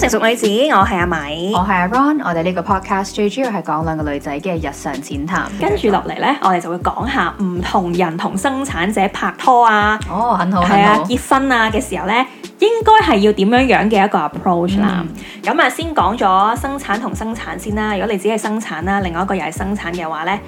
成熟女子，我係阿米，我係阿 Ron，我哋呢個 podcast 最主要係講兩個女仔嘅日常淺談，跟住落嚟呢，我哋就會講下唔同人同生產者拍拖啊，哦，很好，係啊，結婚啊嘅時候呢，應該係要點樣樣嘅一個 approach 啦。咁啊，先講咗生產同生產先啦。如果你只係生產啦，另外一個又係生產嘅話呢，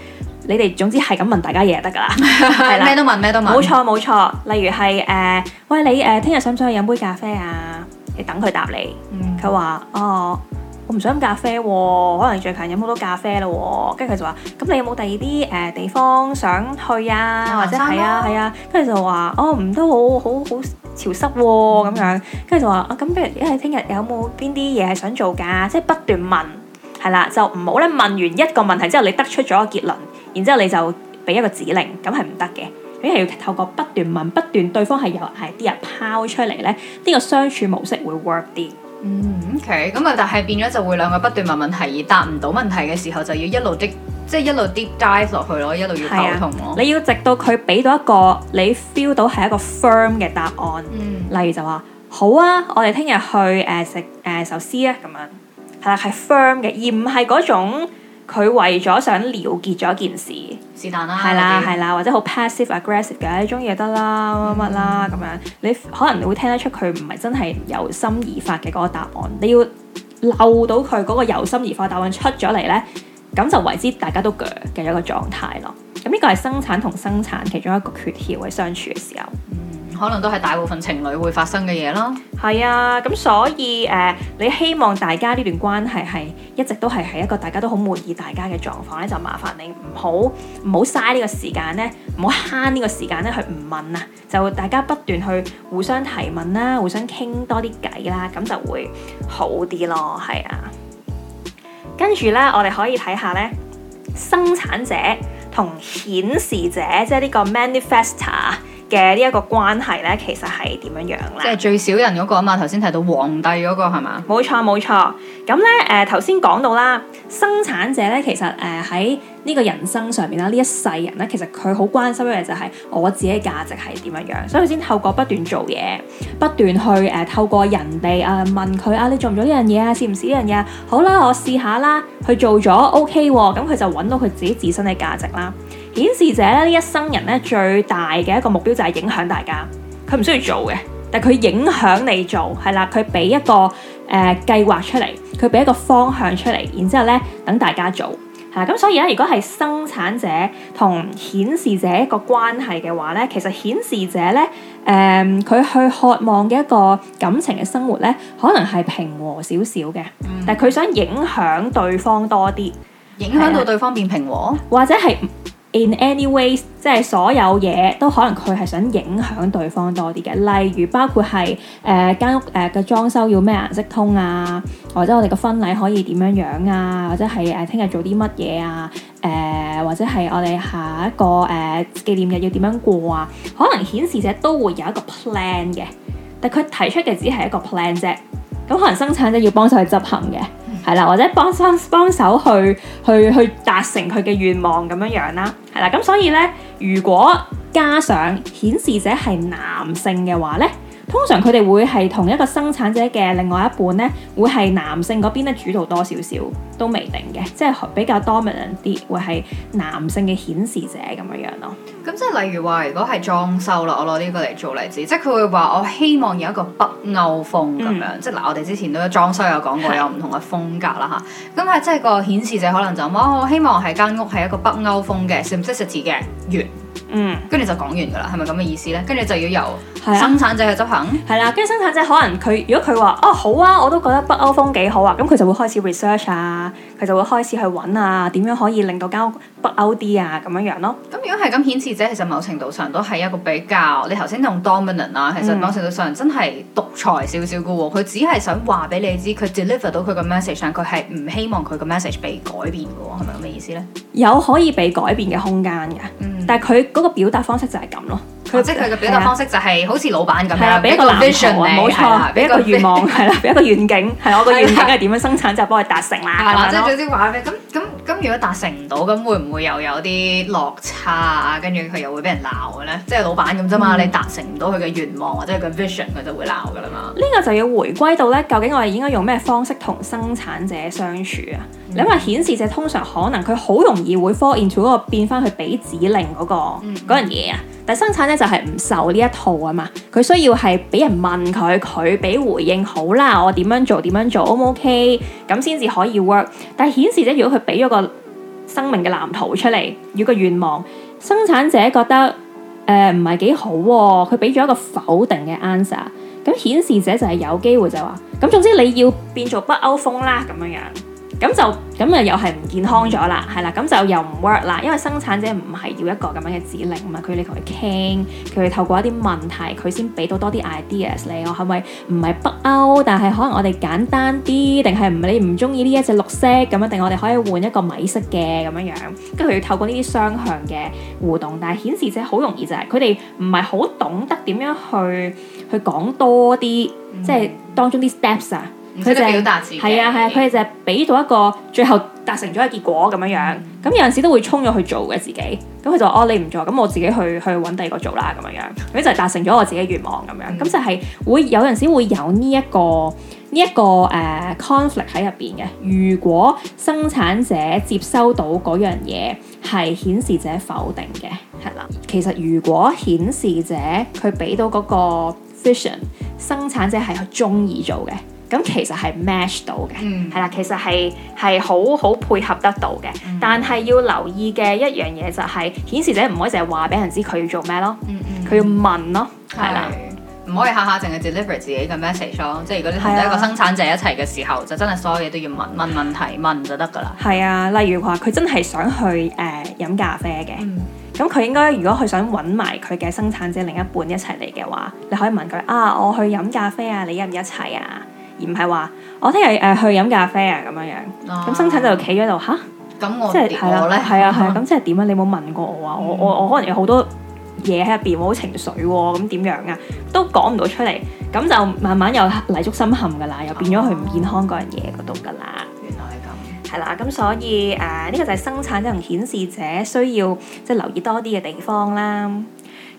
你哋總之係咁問大家嘢就得噶啦，係啦，咩都問，咩都問，冇錯冇錯。例如係誒，喂你誒，聽日想唔想去飲杯咖啡啊？你等佢答你，佢話、嗯：哦，我唔想飲咖啡喎，可能最近飲好多咖啡啦喎。跟住佢就話：咁你有冇第二啲誒地方想去啊？啊或者係啊係啊，跟住、啊啊啊、就話：哦唔都好好好潮濕喎、啊、咁樣。跟住、嗯、就話：啊咁，不如一係聽日有冇邊啲嘢係想做㗎？即係不斷問係啦，就唔好咧，問完一個問題之後，你得出咗個結論，然之後你就俾一個指令，咁係唔得嘅。你係要透過不斷問不斷對方係有係啲人拋出嚟咧，呢、呢個相處模式會 work 啲。嗯，OK，咁啊，但係變咗就會兩個不斷問問題而答唔到問題嘅時候，就要一路的即係一路 deep dive 落去咯，一路要溝通咯。你要直到佢俾到一個你 feel 到係一個 firm 嘅答案。嗯、例如就話好啊，我哋聽日去誒食誒壽司啊，咁樣係啦，係 firm 嘅，而唔係嗰種。佢為咗想了結咗一件事，是但啦，係啦係啦，或者好 passive aggressive 嘅，你中意就得啦，乜乜啦咁樣，你可能你會聽得出佢唔係真係由心而發嘅嗰個答案，你要漏到佢嗰個由心而發嘅答案出咗嚟呢，咁就為之大家都鋸嘅一個狀態咯。咁呢個係生產同生產其中一個缺橋喺相處嘅時候。 可能都係大部分情侶會發生嘅嘢咯。係啊，咁所以誒、呃，你希望大家呢段關係係一直都係係一個大家都好滿意大家嘅狀況咧，就麻煩你唔好唔好嘥呢個時間咧，唔好慳呢個時間咧去唔問啊，就大家不斷去互相提問啦，互相傾多啲偈啦，咁就會好啲咯。係啊，跟住咧，我哋可以睇下咧，生產者同顯示者，即係呢個 manifestor 嘅呢一個關係咧，其實係點樣樣咧？即係最少人嗰個啊嘛，頭先提到皇帝嗰、那個係嘛？冇錯冇錯。咁咧誒，頭先講到啦，生產者咧，其實誒喺呢個人生上面啦，呢一世人咧，其實佢好關心嘅就係我自己價值係點樣樣，所以先透過不斷做嘢，不斷去誒、呃、透過人哋啊問佢啊，你做唔做呢樣嘢啊？試唔試呢樣嘢？好啦，我試下啦，佢做咗 OK 喎、啊，咁佢就揾到佢自己自身嘅價值啦。顯示者咧，呢一生人咧，最大嘅一個目標就係影響大家，佢唔需要做嘅，但係佢影響你做係啦，佢俾一個誒計劃出嚟，佢俾一個方向出嚟，然之後咧，等大家做吓，咁所以咧，如果係生產者同顯示者一個關係嘅話咧，其實顯示者咧誒佢去渴望嘅一個感情嘅生活咧，可能係平和少少嘅，嗯、但係佢想影響對方多啲，影響到對方變平和，或者係。In any ways，即係所有嘢都可能佢係想影響對方多啲嘅，例如包括係誒間屋誒嘅裝修要咩顏色通啊，或者我哋個婚禮可以點樣樣啊，或者係誒聽日做啲乜嘢啊，誒、呃、或者係我哋下一個誒紀、呃、念日要點樣過啊，可能顯示者都會有一個 plan 嘅，但佢提出嘅只係一個 plan 啫，咁可能生產者要幫手去執行嘅。係啦，或者幫手幫手去去去達成佢嘅願望咁樣樣啦，係啦，咁所以呢，如果加上顯示者係男性嘅話呢，通常佢哋會係同一個生產者嘅另外一半呢會係男性嗰邊呢主導多少少。都未定嘅，即係比較 dominant 啲，會係男性嘅顯示者咁樣樣咯。咁即係例如話，如果係裝修啦，我攞呢個嚟做例子，即係佢會話我希望有一個北歐風咁樣。嗯、即係嗱，我哋之前都裝修有講過有唔同嘅風格啦吓。咁啊是，即係個顯示者可能就，哇，我希望係間屋係一個北歐風嘅 simplicity 嘅完，嗯，跟住就講完噶啦，係咪咁嘅意思呢？跟住就要由生產者去執行。係啦，啊，跟住，啊、生產者可能佢如果佢話，哦好啊，我都覺得北歐風幾好啊，咁佢就會開始 research 啊。佢就會開始去揾啊，點樣可以令到間屋北歐啲啊，咁樣樣咯。咁、嗯、如果係咁顯示，即係其實某程度上都係一個比較。你頭先用 dominant 啊，其實某程度上真係獨裁少少噶。佢只係想話俾你知，佢 deliver 到佢個 message 上，佢係唔希望佢個 message 被改變噶，係咪咁嘅意思呢？有可以被改變嘅空間嘅，嗯、但係佢嗰個表達方式就係咁咯。佢即佢嘅表達方式就係好似老闆咁，係俾、啊、一個藍圖，冇你錯，俾、啊、一個願望，係啦， 俾一個願景，係 我個願景係點樣生產 就幫佢達成啦，係嘛、啊？即係總之咁咁咁，如果達成唔到，咁會唔會又有啲落差啊？跟住佢又會俾人鬧嘅咧？即係老闆咁啫嘛，嗯、你達成唔到佢嘅願望或者佢嘅 vision，佢就會鬧噶啦嘛。呢個就要回歸到咧，究竟我哋應該用咩方式同生產者相處啊？你話顯示者通常可能佢好容易會 fall into 嗰個變翻去俾指令嗰、嗰個嗰樣嘢啊，嗰個嗯、但係生產者就係唔受呢一套啊嘛，佢需要係俾人問佢，佢俾回應，好啦，我點樣做點樣做，O 唔 OK？咁先至可以 work。但係顯示者如果佢俾咗個生命嘅藍圖出嚟，要個願望，生產者覺得誒唔係幾好喎、啊，佢俾咗一個否定嘅 answer。咁顯示者就係有機會就話，咁總之你要變做北歐風啦咁樣樣。咁就咁啊，又係唔健康咗啦，係啦，咁就又唔 work 啦，因為生產者唔係要一個咁樣嘅指令，唔係佢哋同佢傾，佢哋透過一啲問題，佢先俾到多啲 ideas 嚟。我係咪唔係北歐，但係可能我哋簡單啲，定係唔係你唔中意呢一隻綠色咁樣，定我哋可以換一個米色嘅咁樣樣？跟住佢要透過呢啲雙向嘅互動，但係顯示者好容易就係佢哋唔係好懂得點樣去去講多啲，即係、嗯、當中啲 steps 啊。佢就係表達自己係啊，係啊。佢哋就係俾到一個最後達成咗嘅結果咁樣樣。咁、嗯、有陣時都會衝咗去做嘅自己。咁佢就話：哦，你唔做，咁我自己去去揾第二個做啦。咁樣樣咁就達成咗我自己嘅願望咁樣。咁、嗯、就係會,會有陣時會有呢一個呢一、呢個誒、uh, conflict 喺入邊嘅。如果生產者接收到嗰樣嘢係顯示者否定嘅，係啦。其實如果顯示者佢俾到嗰個 vision 生產者係中意做嘅。咁其實係 match 到嘅，係啦、嗯，其實係係好好配合得到嘅。嗯、但係要留意嘅一樣嘢就係、是，顯示者唔可以淨係話俾人知佢要做咩咯，佢、嗯嗯、要問咯，係啦，唔可以下下淨係 deliver 自己嘅 message 咯。即係如果你同一個生產者一齊嘅時候，就真係所有嘢都要問問問題問就得噶啦。係啊，例如話佢真係想去誒飲、呃、咖啡嘅，咁佢、嗯、應該如果佢想揾埋佢嘅生產者另一半一齊嚟嘅話，你可以問佢啊，我去飲咖啡啊，你一唔一齊啊？唔係話我聽日誒去飲咖啡啊，咁樣樣，咁、啊、生產就企咗度吓，咁我即係係啦，係啊係，咁、啊啊啊啊、 即係點啊？你冇問過我啊？嗯、我我我可能有好多嘢喺入邊，冇情緒咁點樣啊？都講唔到出嚟。咁就慢慢又泥足深陷噶啦，又變咗去唔健康嗰樣嘢嗰度噶啦。原來係咁，係啦、啊，咁所以誒呢、呃這個就係生產者同顯示者需要即係、就是、留意多啲嘅地方啦。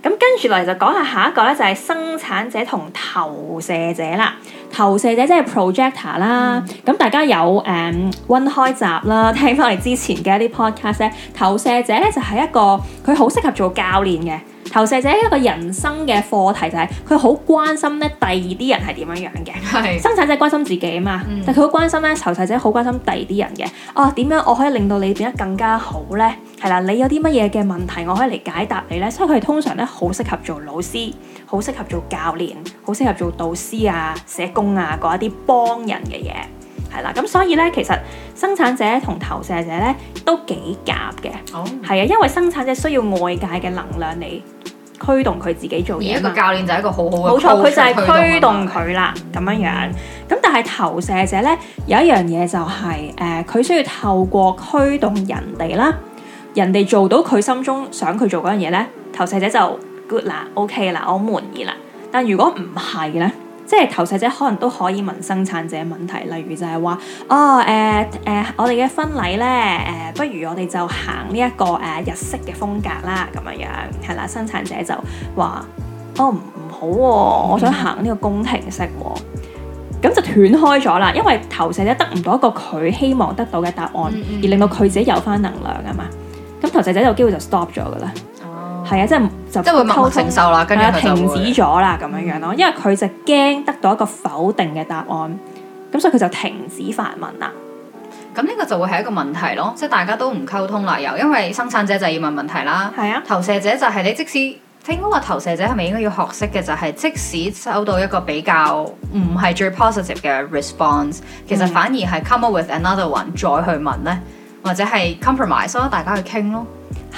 咁跟住嚟就講下下一個咧，就係生產者同投射者啦。投射者即係 projector 啦、嗯。咁大家有誒温、um，開集啦，聽翻嚟之前嘅一啲 podcast。投射者咧就係一個佢好適合做教練嘅。投射者一個人生嘅課題就係佢好關心咧第二啲人係點樣樣嘅，是生產者關心自己啊嘛，嗯、但佢好關心咧投射者好關心第二啲人嘅，哦、啊，點樣我可以令到你變得更加好咧？係啦，你有啲乜嘢嘅問題我可以嚟解答你咧？所以佢通常咧好適合做老師，好適合做教練，好適合做導師啊、社工啊嗰一啲幫人嘅嘢。係啦，咁所以咧，其實生產者同投射者咧都幾夾嘅。哦，係啊，因為生產者需要外界嘅能量嚟驅動佢自己做嘢。而一個教練就係一個好好嘅，冇錯，佢就係驅動佢啦，咁樣樣。咁但係投射者咧有一樣嘢就係、是，誒、呃，佢需要透過驅動人哋啦，人哋做到佢心中想佢做嗰樣嘢咧，投射者就 good 啦，OK 啦，我好滿意啦。但如果唔係咧？即係投射者可能都可以問生產者問題，例如就係話，哦誒誒、呃呃呃，我哋嘅婚禮咧誒、呃，不如我哋就行呢、這、一個誒、呃、日式嘅風格啦，咁樣樣係啦。生產者就話，哦唔好喎、啊，我想行呢個宮廷式喎、啊，咁就斷開咗啦。因為投射者得唔到一個佢希望得到嘅答案，嗯嗯，而令到佢自己有返能量啊嘛。咁投射者有機會就 stop 咗噶啦，係、嗯、啊，即、就、係、是。即會默默承受啦，跟住就停止咗啦，咁樣樣咯。嗯、因為佢就驚得到一個否定嘅答案，咁所以佢就停止發問啦。咁呢個就會係一個問題咯，即係大家都唔溝通啦。又因為生產者就要問問題啦，係啊，投射者就係你，即使聽到話投射者係咪應該要學識嘅就係、是，即使收到一個比較唔係最 positive 嘅 response，嗯、其實反而係 come up with another one 再去問呢，或者係 compromise 咯，大家去傾咯。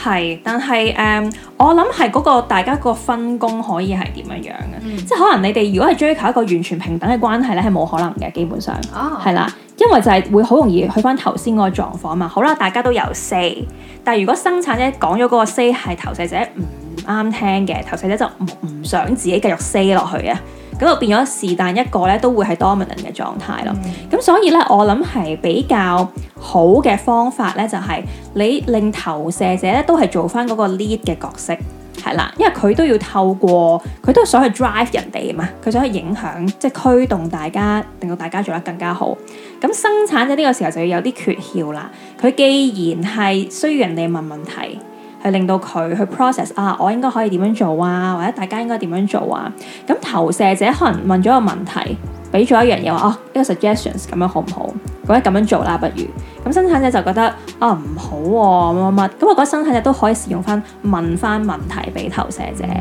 係，但係誒、呃，我諗係嗰個大家個分工可以係點樣樣嘅？嗯、即係可能你哋如果係追求一個完全平等嘅關係咧，係冇可能嘅，基本上。哦，係啦，因為就係會好容易去翻頭先嗰個狀況啊嘛。好啦，大家都有 say，但係如果生產者講咗嗰個 say 係投射者唔啱聽嘅，投射者就唔唔想自己繼續 say 落去啊。咁就變咗是但一個咧，都會係 dominant 嘅狀態咯。咁、嗯、所以咧，我諗係比較好嘅方法咧，就係、是、你令投射者咧都係做翻嗰個 lead 嘅角色，係啦，因為佢都要透過佢都想去 drive 人哋啊嘛，佢想去影響，即係驅動大家，令到大家做得更加好。咁生產者呢個時候就要有啲訣竅啦，佢既然係需要人哋問問題。係令到佢去 process 啊，我應該可以點樣做啊，或者大家應該點樣做啊？咁投射者可能問咗一個問題，俾咗一樣嘢話哦，呢、啊這個 suggestions 咁樣好唔好？咁樣咁樣做啦，不如咁生產者就覺得啊唔好喎乜乜乜，咁我覺得生產者都可以試用翻問翻問題俾投射者，佢、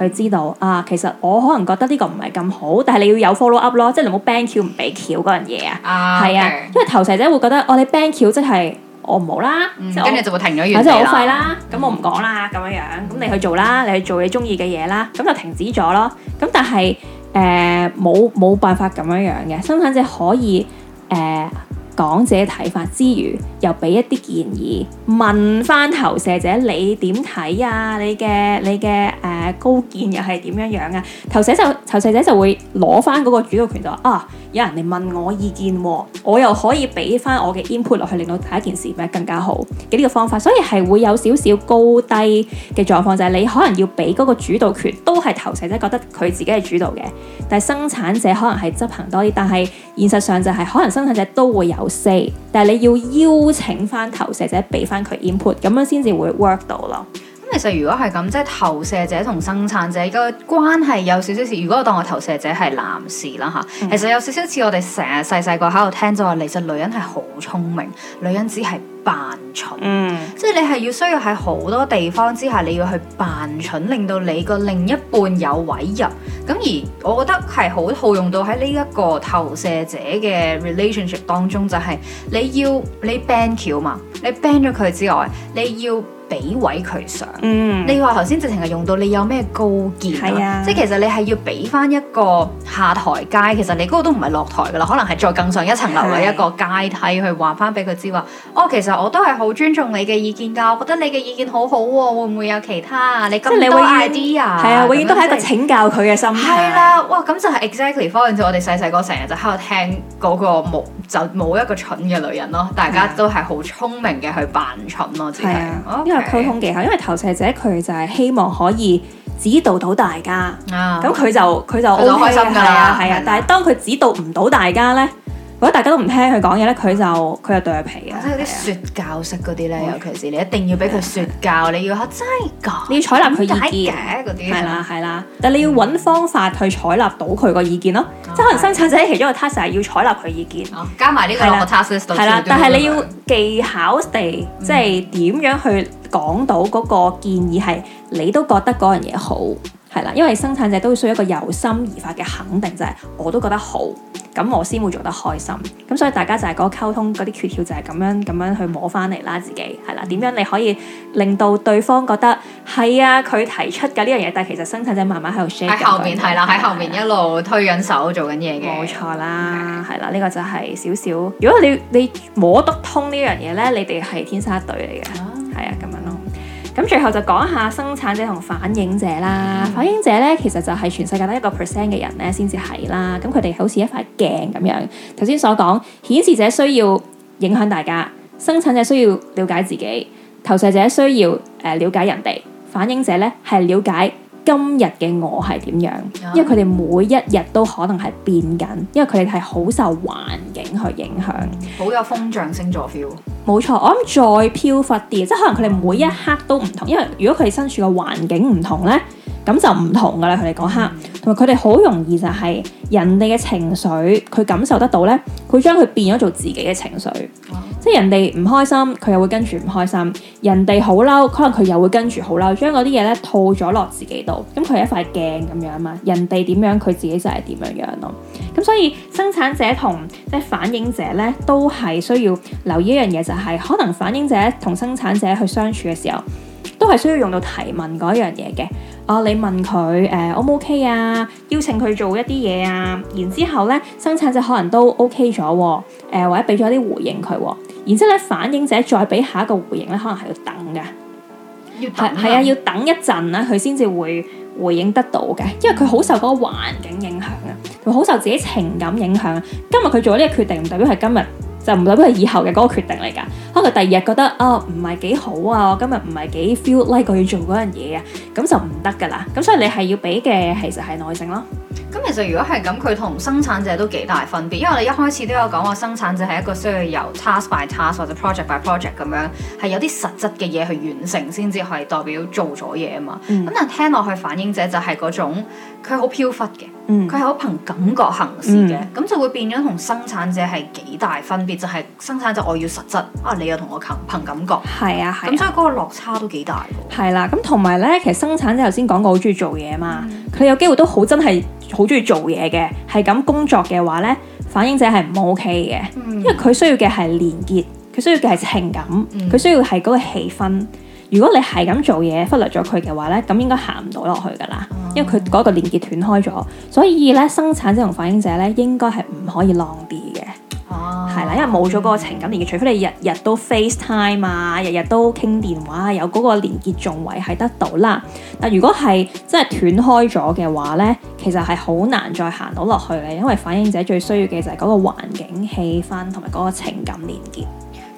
嗯、知道啊，其實我可能覺得呢個唔係咁好，但係你要有 follow up 咯，即係你冇 ban 橋唔俾橋嗰樣嘢啊，係啊，okay. 因為投射者會覺得我哋 ban 橋即係。我唔好啦，跟住、嗯、就，就會停咗即係我就好廢啦，咁我唔講啦，咁樣、嗯、樣，咁你去做啦，你去做你中意嘅嘢啦，咁就停止咗咯。咁但係誒，冇、呃、冇辦法咁樣樣嘅，生產者可以誒。呃講者睇法之餘，又俾一啲建議，問翻投射者你點睇啊？你嘅你嘅誒、呃、高見又係點樣樣啊？投射就投射者就會攞翻嗰個主導權就話啊，有人嚟問我意見喎、哦，我又可以俾翻我嘅 input 落去，令到第一件事咪更加好嘅呢個方法，所以係會有少少高低嘅狀況，就係、是、你可能要俾嗰個主導權都係投射者覺得佢自己係主導嘅，但係生產者可能係執行多啲，但係現實上就係可能生產者都會有。四，但係你要邀請翻投射者俾翻佢 input，咁樣先至會 work 到咯。咁其實如果係咁，即係投射者同生產者個關係有少少似。如果我當我投射者係男士啦吓，嗯、其實有少少似我哋成日細細個喺度聽咗話，其實女人係好聰明，女人只係扮蠢，嗯、即係你係要需要喺好多地方之下你要去扮蠢，令到你個另一半有位嘅。咁而我覺得係好套用到喺呢一個投射者嘅 relationship 當中，就係，就係你要你 ban 佢嘛，你 ban 咗佢之外，你要，俾位佢上，你話頭先直情係用到你有咩高見啊？即係其實你係要俾翻一個下台階，其實你嗰個都唔係落台噶啦，可能係再更上一層樓嘅一個階梯去話翻俾佢知話，哦，其實我都係好尊重你嘅意見㗎，我覺得你嘅意見好好喎，會唔會有其他？你咁多 idea，係啊，永遠都係一個請教佢嘅心態。係啦，哇，咁就係 exactly for。以前我哋細細個成日就喺度聽嗰個冇就冇一個蠢嘅女人咯，大家都係好聰明嘅去扮蠢咯，真係。溝通技巧，因為投射者佢就係希望可以指導到大家，咁佢、啊、就佢就好、OK、開心係啊係啊，啊啊但係當佢指導唔到大家咧。如果大家都唔聽佢講嘢咧，佢就佢就剁皮啊！即係啲說教式嗰啲咧，尤其是你一定要俾佢說教，你要乞真噶，你要採納佢意見嗰啲。係啦係啦，但係你要搵方法去採納到佢個意見咯。即係可能生產者其中個 task 係要採納佢意見，加埋呢個 task 係啦。但係你要技巧地，即係點樣去講到嗰個建議係你都覺得嗰樣嘢好？係啦，因為生產者都需要一個由心而發嘅肯定，就係我都覺得好。咁我先會做得開心，咁所以大家就係嗰個溝通嗰啲訣竅就係咁樣咁樣去摸翻嚟啦，自己係啦，點樣你可以令到對方覺得係啊，佢提出嘅呢樣嘢，但係其實生產者慢慢喺度 share 喺後面係啦，喺後面一路推緊手、啊、做緊嘢嘅，冇錯啦，係啦、啊，呢、呢個就係少少，如果你你摸得通呢樣嘢呢，你哋係天生一對嚟嘅，係啊，咁啊。咁最後就講下生產者同反映者啦。反映者呢，其實就係全世界得一個 percent 嘅人呢先至係啦。咁佢哋好似一塊鏡咁樣。頭先所講，顯示者需要影響大家，生產者需要了解自己，投射者需要誒、呃、了解人哋，反映者呢係了解。今日嘅我係點樣？因為佢哋每一日都可能係變緊，因為佢哋係好受環境去影響，好有風象星座 feel。冇錯，我諗再飄忽啲，即係可能佢哋每一刻都唔同，因為如果佢哋身處嘅環境唔同呢。咁就唔同噶啦，佢哋講黑，同埋佢哋好容易就係人哋嘅情緒，佢感受得到呢，佢將佢變咗做自己嘅情緒。嗯、即係人哋唔開心，佢又會跟住唔開心；人哋好嬲，可能佢又會跟住好嬲，將嗰啲嘢呢套咗落自己度。咁佢係一塊鏡咁樣嘛，人哋點樣，佢自己就係點樣樣咯。咁所以生產者同即係反映者呢，都係需要留意一樣嘢，就係可能反映者同生產者去相處嘅時候都係需要用到提問嗰一樣嘢嘅，哦、啊，你問佢，誒，O 唔 OK 啊？邀請佢做一啲嘢啊，然之後咧，生產者可能都 OK 咗、啊，誒、呃，或者俾咗啲回應佢、啊，然之後咧，反映者再俾下一個回應咧，可能係要等噶，係係啊，要等一陣啦，佢先至會回應得到嘅，因為佢好受嗰個環境影響啊，佢好受自己情感影響。今日佢做咗呢個決定，唔代表係今日就唔代表係以後嘅嗰個決定嚟噶。佢第二日覺得啊，唔係幾好啊，我今日唔係幾 feel like 去做嗰樣嘢啊，咁就唔得噶啦，咁所以你係要俾嘅，其實係耐性咯。咁其實如果係咁，佢同生產者都幾大分別，因為我哋一開始都有講話生產者係一個需要由 task by task 或者 project by project 咁樣，係有啲實質嘅嘢去完成先至係代表做咗嘢啊嘛。咁、嗯、但聽落去反映者就係嗰種，佢好飄忽嘅，佢係好憑感覺行事嘅，咁、嗯、就會變咗同生產者係幾大分別，就係、是、生產者我要實質，啊你又同我憑感覺，係啊，咁、啊、所以嗰個落差都幾大。係啦、啊，咁同埋咧，其實生產者頭先講過好中意做嘢啊嘛，佢、嗯、有機會都好真係。好中意做嘢嘅，係咁工作嘅話呢，反映者係唔 OK 嘅，因為佢需要嘅係連結，佢需要嘅係情感，佢需要係嗰個氣氛。如果你係咁做嘢忽略咗佢嘅話呢，咁應該行唔到落去噶啦，因為佢嗰個連結斷開咗，所以呢，生產者同反映者呢，應該係唔可以浪啲嘅。係啦，因為冇咗嗰個情感連結，除非你日日都 FaceTime 啊，日日都傾電話，啊，有嗰個連結仲維係得到啦。但如果係真係斷開咗嘅話呢，其實係好難再行到落去嘅，因為反映者最需要嘅就係嗰個環境氣氛同埋嗰個情感連結。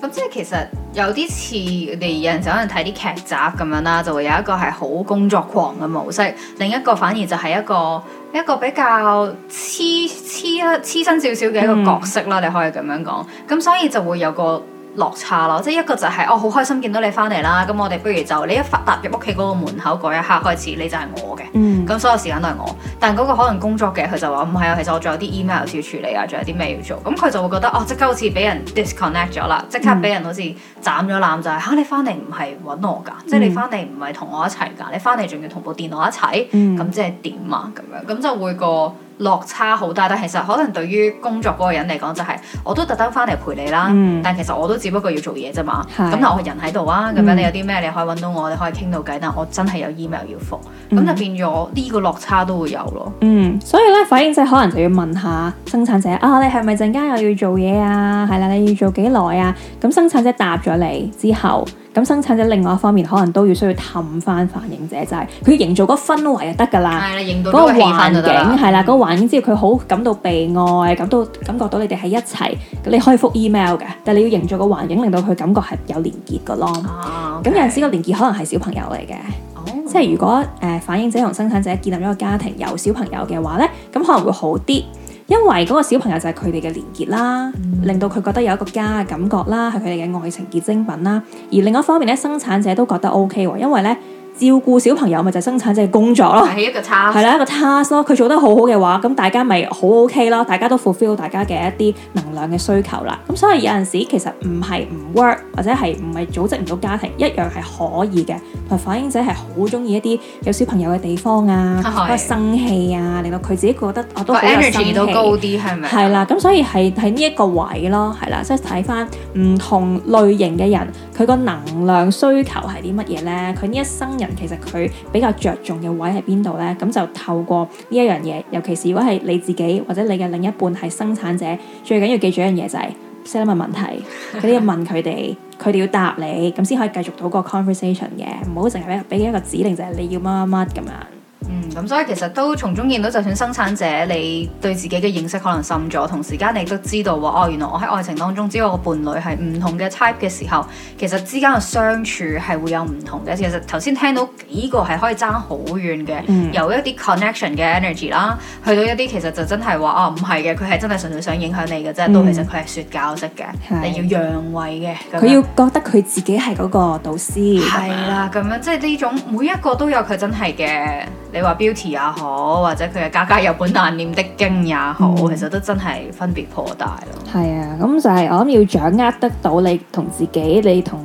咁即係其實有啲似你有陣時可能睇啲劇集咁樣啦，就會有一個係好工作狂嘅模式，另一個反而就係一個一個比較黐黐一黐身少少嘅一個角色啦，嗯，你可以咁樣講，咁所以就會有個。落差咯，即係一個就係我好開心見到你翻嚟啦，咁我哋不如就你一發踏入屋企嗰個門口嗰一刻開始，你就係我嘅，咁、嗯、所有時間都係我。但嗰個可能工作嘅佢就話唔係啊，其實我仲有啲 email 要處理啊，仲有啲咩要做，咁佢就會覺得哦即刻好似俾人 disconnect 咗啦，即刻俾人好似斬咗纜就係、是、嚇、嗯啊、你翻嚟唔係揾我㗎，嗯、即係你翻嚟唔係同我一齊㗎，你翻嚟仲要同部電腦一齊，咁、嗯、即係點啊咁樣，咁就會個。落差好大，但其實可能對於工作嗰個人嚟講就係、是，我都特登翻嚟陪你啦，嗯、但其實我都只不過要做嘢啫嘛，咁但係我人喺度啊，咁、嗯、樣你有啲咩你可以揾到我，你可以傾到偈，但我真係有 email 要覆，咁就變咗呢個落差都會有咯。嗯，所以咧反應即係可能就要問下生產者啊，你係咪陣間又要做嘢啊？係啦，你要做幾耐啊？咁生產者答咗你之後。咁生產者另外一方面，可能都要需要氹翻反映者，就係、是、佢營造個氛圍就得噶啦，嗰的個環境係啦，嗰、嗯那個、環境之後佢好感到被愛，感到感覺到你哋喺一齊，你可以覆 email 嘅，但係你要營造個環境，令到佢感覺係有連結噶咯。咁、oh, okay. 有陣時個連結可能係小朋友嚟嘅，oh. 即係如果誒、呃、反映者同生產者建立咗個家庭有小朋友嘅話呢，咁可能會好啲。因為嗰個小朋友就係佢哋嘅連結啦，嗯、令到佢覺得有一個家嘅感覺啦，係佢哋嘅愛情結晶品啦。而另一方面咧，生產者都覺得 OK 喎，因為呢。照顧小朋友咪就係生產即係工作咯，係一個 task，係啦，一個 task 咯，佢做得好好嘅話，咁大家咪好 OK 咯，大家都 fulfill 大家嘅一啲能量嘅需求啦。咁所以有陣時其實唔係唔 work 或者係唔係組織唔到家庭一樣係可以嘅。佢反映者係好中意一啲有小朋友嘅地方啊，個 生氣啊，令到佢自己覺得 我都好有生氣都高啲係咪？係啦，咁所以係喺呢一個位咯，係啦，即係睇翻唔同類型嘅人，佢個能量需求係啲乜嘢咧？佢呢一生其實佢比較着重嘅位喺邊度呢？咁就透過呢一樣嘢，尤其是如果係你自己或者你嘅另一半係生產者，最緊要記住一樣嘢就係，set up 個問題，你要問佢哋，佢哋要答你，咁先可以繼續到個 conversation 嘅，唔好淨係俾俾一個指令就係、是、你要乜乜乜咁樣。咁所以其實都從中見到，就算生產者你對自己嘅認識可能深咗，同時間你都知道喎。哦，原來我喺愛情當中只我嘅伴侶係唔同嘅 type 嘅時候，其實之間嘅相處係會有唔同嘅。其實頭先聽到幾個係可以爭好遠嘅，由、嗯、一啲 connection 嘅 energy 啦，去到一啲其實就真係話哦，唔係嘅，佢係真係純粹想影響你嘅啫。嗯、到其實佢係說教式嘅，對你要讓位嘅。佢要覺得佢自己係嗰個導師。係啦的，咁吧樣即係呢種每一個都有佢真係嘅。你話 beauty 也好，或者佢嘅家家有本難念的經也好，嗯、其實都真係分別頗大咯。係啊，咁就係、是、我諗要掌握得到你同自己、你同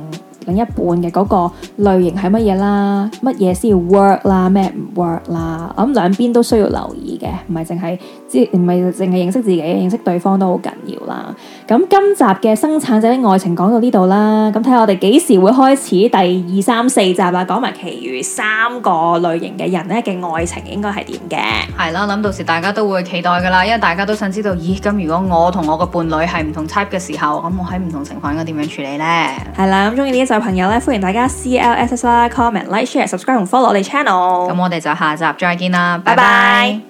另一半嘅嗰個類型係乜嘢啦，乜嘢先要 work 啦，咩唔 work 啦。我諗兩邊都需要留意嘅，唔係淨係知，唔係淨係認識自己，認識對方都好緊要啦。咁今集嘅生產者的愛情講到呢度啦，咁睇下我哋幾時會開始第二三四集啊？講埋其餘三個類型嘅人咧嘅愛情應該係點嘅？係啦，諗到時大家都會期待噶啦，因為大家都想知道，咦咁如果我，我同我個伴侶係唔同 type 嘅時候，咁我喺唔同情況應該點樣處理呢？係啦，咁鍾意呢一集朋友咧，歡迎大家 CLSS comment like share、share、subscribe 同 follow 我哋 channel。咁我哋就下集再見啦，拜拜 bye。Bye bye。